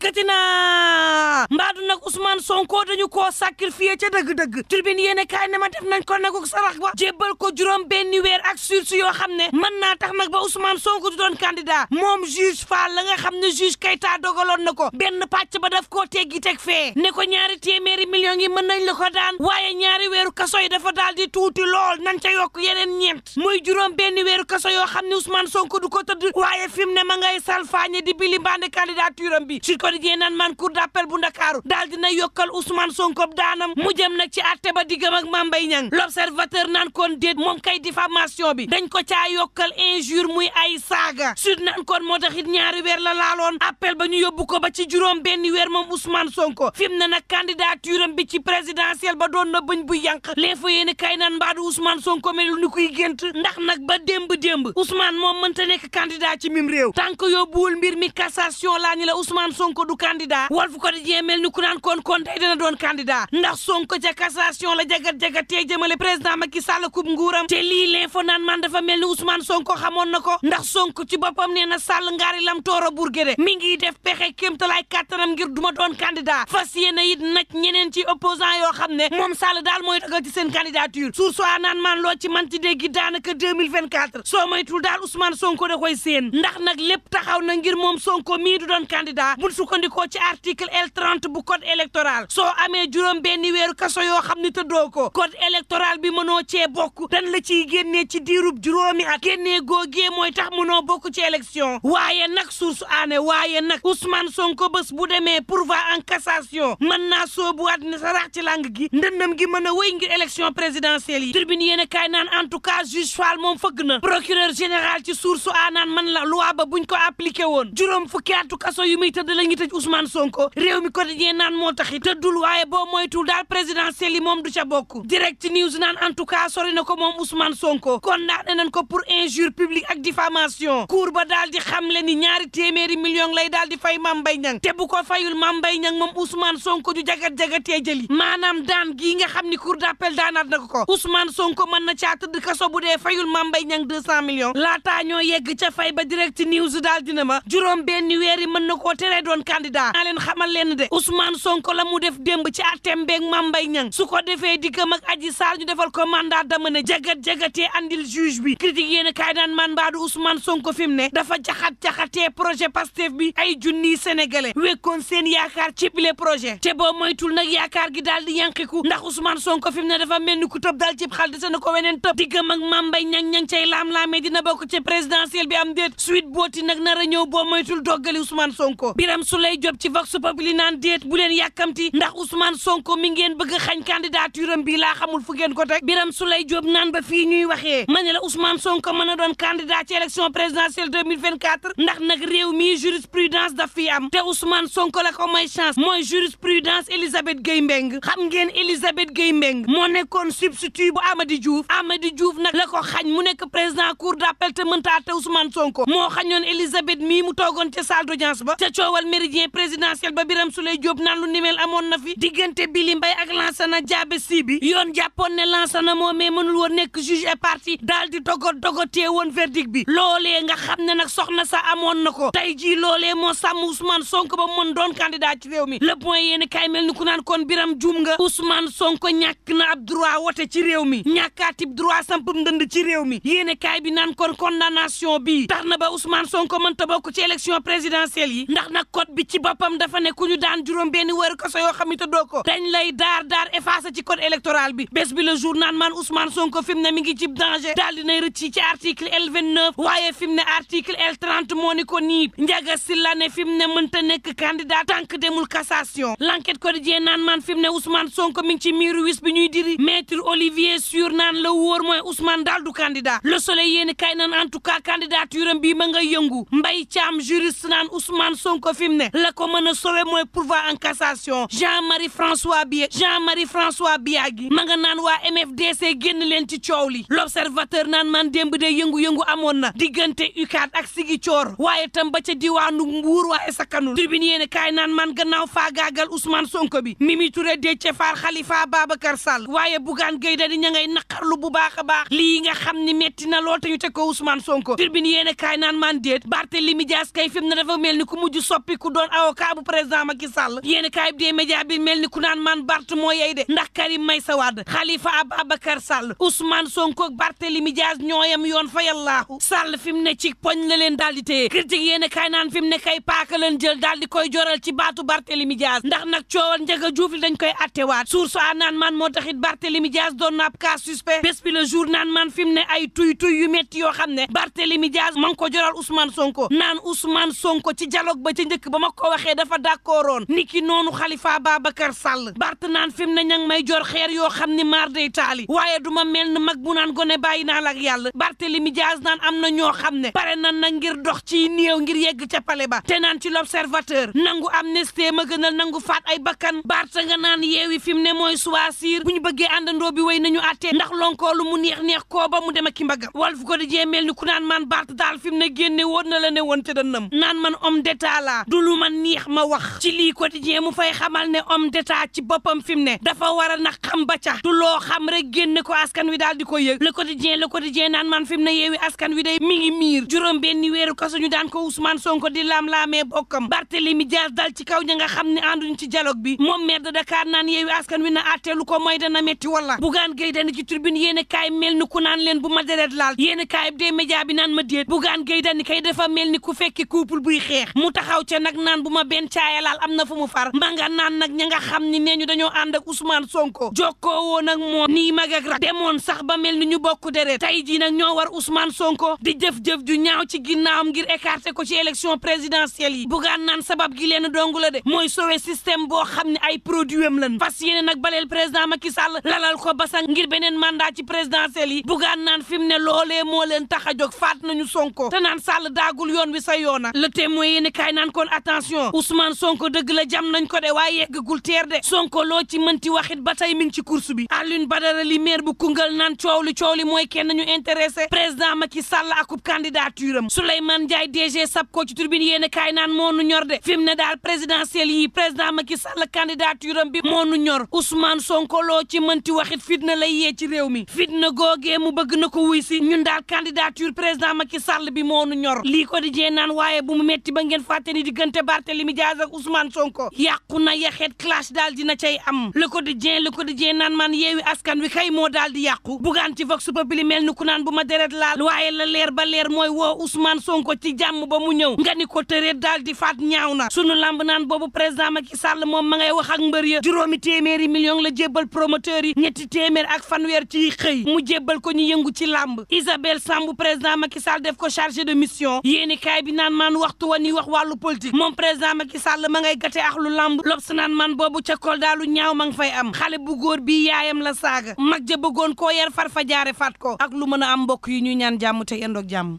dikkati na mbaadu nag Ousmane Sonko dañu koo sacrifié ca dëgg-dëgg tribune yéene kaay ne ma def nañ ko nag sarax ba jébbal ko juróom benn weer ak sursu yoo xam ne man naa tax nag ba Ousmane Sonko du doon candidat moom juge Fall la nga xam ne juge Kayta dogaloon na ko benn pàcc ba daf koo teggi teg fee ne ko ñaari téeméeri millions yi mën nañ la ko daan waaye ñaari weeru kaso yi dafa daal di tuuti lool nan ca yokk yeneen ñeent muy juróom benn weeru kaso yoo xam ne Ousmane Sonko du ko tëdd waaye fi mu ne ma ngay salfaañe di bili Quotidien nan man cour d'appel bu ndakaaru daal dina yokkal Ousmane Sonko daanam mu jëm nag ci àtte ba diggam ak Mame Mbaye Niang l'observateur naan kon déet moom kay diffamation bi dañ ko ca yokkal injure muy ay saaga sud naan kon moo tax it ñaari weer la laaloon appel ba ñu yóbbu ko ba ci juróom benn weer moom Ousmane Sonko fi mu ne nag candidature am bi ci présidentielle ba doon na bëñ bu yànq l'info yéeni kay naan mbaadu Ousmane Sonko mel ni kuy gént ndax nag ba démb démb Ousmane moom mënta nekk candidat ci mim réew tànk yóbbuwul mi cassation Sonko du candidat Walf Quotidien mel ni ku naan kon kon tey dina doon candidat ndax Sonko ca cassation la jagat-jagatee jëmale président Macky Sall kub nguuram te lii l'info naan man dafa mel ni Ousmane Sonko xamoon na ko ndax Sonko ci boppam nee na Sall ngaari lam tooro burgéde mi ngi def pexe kéemtalaay kàttanam ngir duma doon candidat fas yéene it nag ñeneen ci opposant yoo xam ne moom Sall daal mooy dagal ci seen candidature suur soi naan maan loo ci manti déggi daanaka 2024 soo moytul daal Ousmane Sonko da koy séen ndax nag lépp taxaw na ngir moom Sonko mii du sukkandikoo ci article L30 bu code électoral soo amee juróom benni weeru kaso yoo xam ni tëddoo ko code électoral bi mënoo cee bokk dan la ci génnee ci diirub juróomi at génnee googee mooy tax mënoo bokk ci élection waaye nag source aane waaye nag Ousmane Sonko bés bu demee pourvoi en cassation mën naa soobuwaat ne sarax ci lang gi ndëndam gi mën a wéy ngir élection présidentielle yi tribune yéen a kaay naan en tout cas juge moom fëgg na procureur man la loi ba buñ woon juróom fukki atu kaso yu muy tëj Ousmane Sonko réew mi quotidien naan moo taxi tëddul waaye boo moytul daal moom du ca bokk direct news naan en tout cas sori na ko moom Ousmane Sonko condamné nañ ko pour injure publique ak diffamation cour ba daal di xamle ni ñaari téeméeri million lay daal di fay Mame Mbaye Niang te bu ko fayul Mame Mbaye Niang moom Ousmane Sonko ju jagat-jagatee jëli maanaam daan gii nga xam ni cour d'appel daanaat na ko ko Ousmane Sonko mën na caa tëdd kaso bu dee fayul Mame Mbaye Niang 200 millions laata ñoo yegg ca fay ba direct news daal dina ma juróom benn weer yi mën na koo teree candidat naa leen xamal leen de Ousmane Sonko la mu def démb ci àtteem beeg Mame Mbaye su ko defee dikkam ak Adji Sarr ñu defal ko mandat dama ne jagat jagatee andil juge bi critique yéen a kaay naan man mbaadu Ousmane Sonko fi mu ne dafa jaxat-jaxatee projet Pastef bi ay junniy sénégalais wekkoon seen yaakaar ci bile projet te boo moytul nag yaakaar gi daal di yanqiku ndax Ousmane Sonko fi mu ne dafa mel ku tëb daal cib xal dese na ko weneen tëb diggam ak Mame Mbaye Niang ñang cay laam-laamee dina bokk bi am déet suite booti nag nar a ñëw boo moytul doggali Ousmane Sonko Abdoulaye Diop ci Vox Populi naan déet bu leen yàkkamti ndax Ousmane Sonko mi ngeen bëgg xañ candidature am bii laa xamul fu ngeen ko teg Birame Souleye Diop naan ba fii ñuy waxee ma ne la Ousmane Sonko mën a doon candidat ci élection présidentielle 2024 ndax nag réew mi jurisprudence daf fi am te Ousmane Sonko la ko may chance mooy jurisprudence Elisabeth Gueye Mbeng xam ngeen moo nekkoon substitut bu Amady Diouf Amady Diouf nag la ko xañ mu nekk président cour d'appel te mëntaate Ousmane Sonko moo xañoon Elisabeth mii mu toogoon ca salle quotidien présidentiel ba Birame Souleye Diop naan lu nimel amoon na fi diggante Billy Mbaye ak Lansana Diabe si bi yoon jàppoon ne Lansana moomee mënul woon nekk juge et partie daal di dogo woon verdict bi loolee nga xam ne nag soxna sa amoon na ko tey jii loolee moo sàmm Ousmane Sonko ba mën doon candidat ci réew mi le point yéen kay mel ni ku naan kon Birame juum nga Ousmane Sonko ñàkk na ab droit wote ci réew mi ñàkkaatib droit samp ndënd ci réew mi yéen kay bi kon condamnation bi tax na ba Ousmane Sonko mënta bokk ci élection présidentielle yi code bi ci boppam dafa ne ku ñu daan juróom benn wër kaso yoo xam te dañ lay daar daar effacé ci code électoral bi bés le jour maan Ousmane Sonko fi ne mi ngi ci danger daal dinay rëcc ci article L29 waaye fi mu ne article L30 moo ni ko nii Ndiaga Sylla ne fi mu ne mënta nekk candidat tànk demul cassation l'enquête quotidien naan maan fi ne Ousmane Sonko mi ci miiru wis ñuy diri maître Olivier Sur naan la wóor mooy Ousmane daal du candidat le soleil yéeni kay naan en tout cas candidature am bii ma ne la ko mën a sauver mooy pourvoi en cassation Jean-Marie François Bié Jean-Marie François Biagui ma nga naan waa MFDC génn leen ci coow li l'observateur naan man demb de yëngu-yëngu amoon na diggante UCAD ak Sigi Coor waaye tam ba ca diwaanu Mbuur waaye sakkanul tribune yéene kaay naan man gannaaw faagaagal Ousmane Sonko bi Mimi Touré Déthié Fall baaba Babacar Sall waaye Bougane Gueye Dany ña ngay naqarlu bu baax a baax lii nga xam ni metti na lool te ñu teg ko Ousmane Sonko tribune yéene kaay naan man déet Barthélémy Dias kay fi mu mel ni ku ku doon avocat bu président Macky Sall yéen i bi dee média bi mel ni ku naan man Bart moo yey de ndax Karim Meïssa Wade Khalifa Ababacar Sall Ousmane Sonko ak Barthélémy Dias ñooyam yoon fa yallaahu Sall fi mu ne ci poñ la leen daal di téye critique yéen naan fi mu ne kay paaka leen jël daal di koy joral ci baatu Barthélémy Dias ndax nag coowal Ndiaga Diouf li dañ koy attewaat source a naan man moo taxit Barthélémy Dias doon na ab cas suspect bés bi le jour naan man fi mu ne ay tuy tuy yu metti yoo xam ne Barthélémy Dias ma ngi ko joral Ousmane Sonko naan Ousmane Sonko ci dialogue ba ca njëkk ba ma ko waxee dafa d'accordoon niki noonu Khalifa Babacar Sall Bart naan fi mu ne ña ngi may jor xeer yoo xam ne maar day taali waaye du ma mel ni mag bu naan gone bàyyi naa la ak yàlla Barthélémy Dias naan am na ñoo xam ne pare nan na ngir dox ci néew ngir yegg ca pale ba te naan ci l'observateur nangu am amnistie ma gënal nangu faat ay bakkan Bart nga naan yeewi fi mu ne mooy choisir bu ñu bëggee àndandoo bi way nañu àttee ndax lonkoolu mu neex neex koo ba mu dem ak ki mbagam Walf Quotidien mel ni ku naan man Bart daal fi mu ne génne woon na la ne woon te dënnam naan man homme lu ma neex ma wax ci lii quotidien mu fay xamal ne homme d'état ci boppam fi mu ne dafa war a na xam ba ca du loo xam rek génne ko askan wi daal di ko yëg le quotidien le quotidien naan man fi mu ne yeewi askan wi day mi ngi miir juróom benni weeru kaso ñu daan ko Ousmane Sonko di laam-laamee bokkam mi Dias dal ci kaw ña nga xam ne ànduñ ci dialogue bi moom maire de Dakar naan yeewi askan wi na àtteelu ko da na metti wala bugaan géy dani ci tribune yéen a kaay mel ni ku naan leen bu ma deret laal yéen kaay bi média bi naan ma déet bugaan géy dani kay dafa mel ni ku fekki couple buy xeex mu taxaw ca nag naan bu ma benn caayalaal am na fu mu far ma nga naan nag ña nga xam ni nee ñu dañoo ànd ak Ousmane Sonko jokkoo woon nag moo nii mag ak rak moon sax ba mel ni ñu bokk deret tey jii nag ñoo war Ousmane Sonko di jëf-jëf ju ñaaw ci ginnaawam ngir écarter ko ci élection présidentielle yi bugaan naan sabab gi leen dong la de mooy sowe système boo xam ne ay produit am lan fas yéene nag baleel président Macky Sall lalal ko basang ngir beneen mandat ci présidentielle yi bugaan naan fi mu ne loolee moo leen tax a jóg faat nañu Sonko te naan Sall daagul yoon wi sa yoona le témoin yéene kaay naan attention Ousmane Sonko dëgg la jam nañ ko de waaye yeggagul teer de Sonko loo ci mënti waxit ba tey mi ngi ci course bi Alioune Badara li maire bu Koungheul naan coow li coow li mooy kenn ñu intéressé président Macky akub candidature am Souleymane Ndiaye DG SAPCO ci tribune yéen a kaay naan moo nu ñor de fi mu ne daal présidentielle yi président Macky Sall candidature am bi moo nu ñor Ousmane Sonko loo ci mënti waxit fitna lay yee ci mi fitna googee mu bëgg na ko ñun daal candidature diggante Barthélemy Diaz ak Ousmane Sonko yàqu na yaxeet clash daal na cay am lekko Le Quotidien Le Quotidien naan man yeewi askan wi kay moo daal di yàqu bugaan ci vox populi mel ni ku naan bu ma deret laal waaye la leer ba leer mooy woo Ousmane Sonko ci jàmm ba mu ñëw nga ni ko tëreet daal di faat ñaaw na sunu lamb naan boobu président Macky Sall moom ma ngay wax ak mbër ya juróomi téeméeri million la jébbal promoteur yi ñetti téeméer ak fanweer ci mu jébbal ko ñu yëngu ci lamb Isabelle Samb président Macky Sall def ko chargé de mission yéeni bi naan maan waxtu wa ni wax wàllu politique moom président ki sàll ma ngay gate ak lu lamb lobs naan man boobu ca Kolda ñaaw ma ngi fay am xale bu góor bi yaayam la saaga mag ja bëggoon ko yar far fa jaare faat ko ak lu mën a am mbokk yi ñuy ñaan jàmm te yendoog jàmm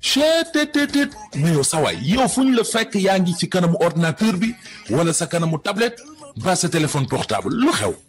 chetttt mais yow sa waay yow fu ñu la fekk yaa ngi ci kanamu ordinateur bi wala sa kanamu tablette ba sa téléphone portable lu xew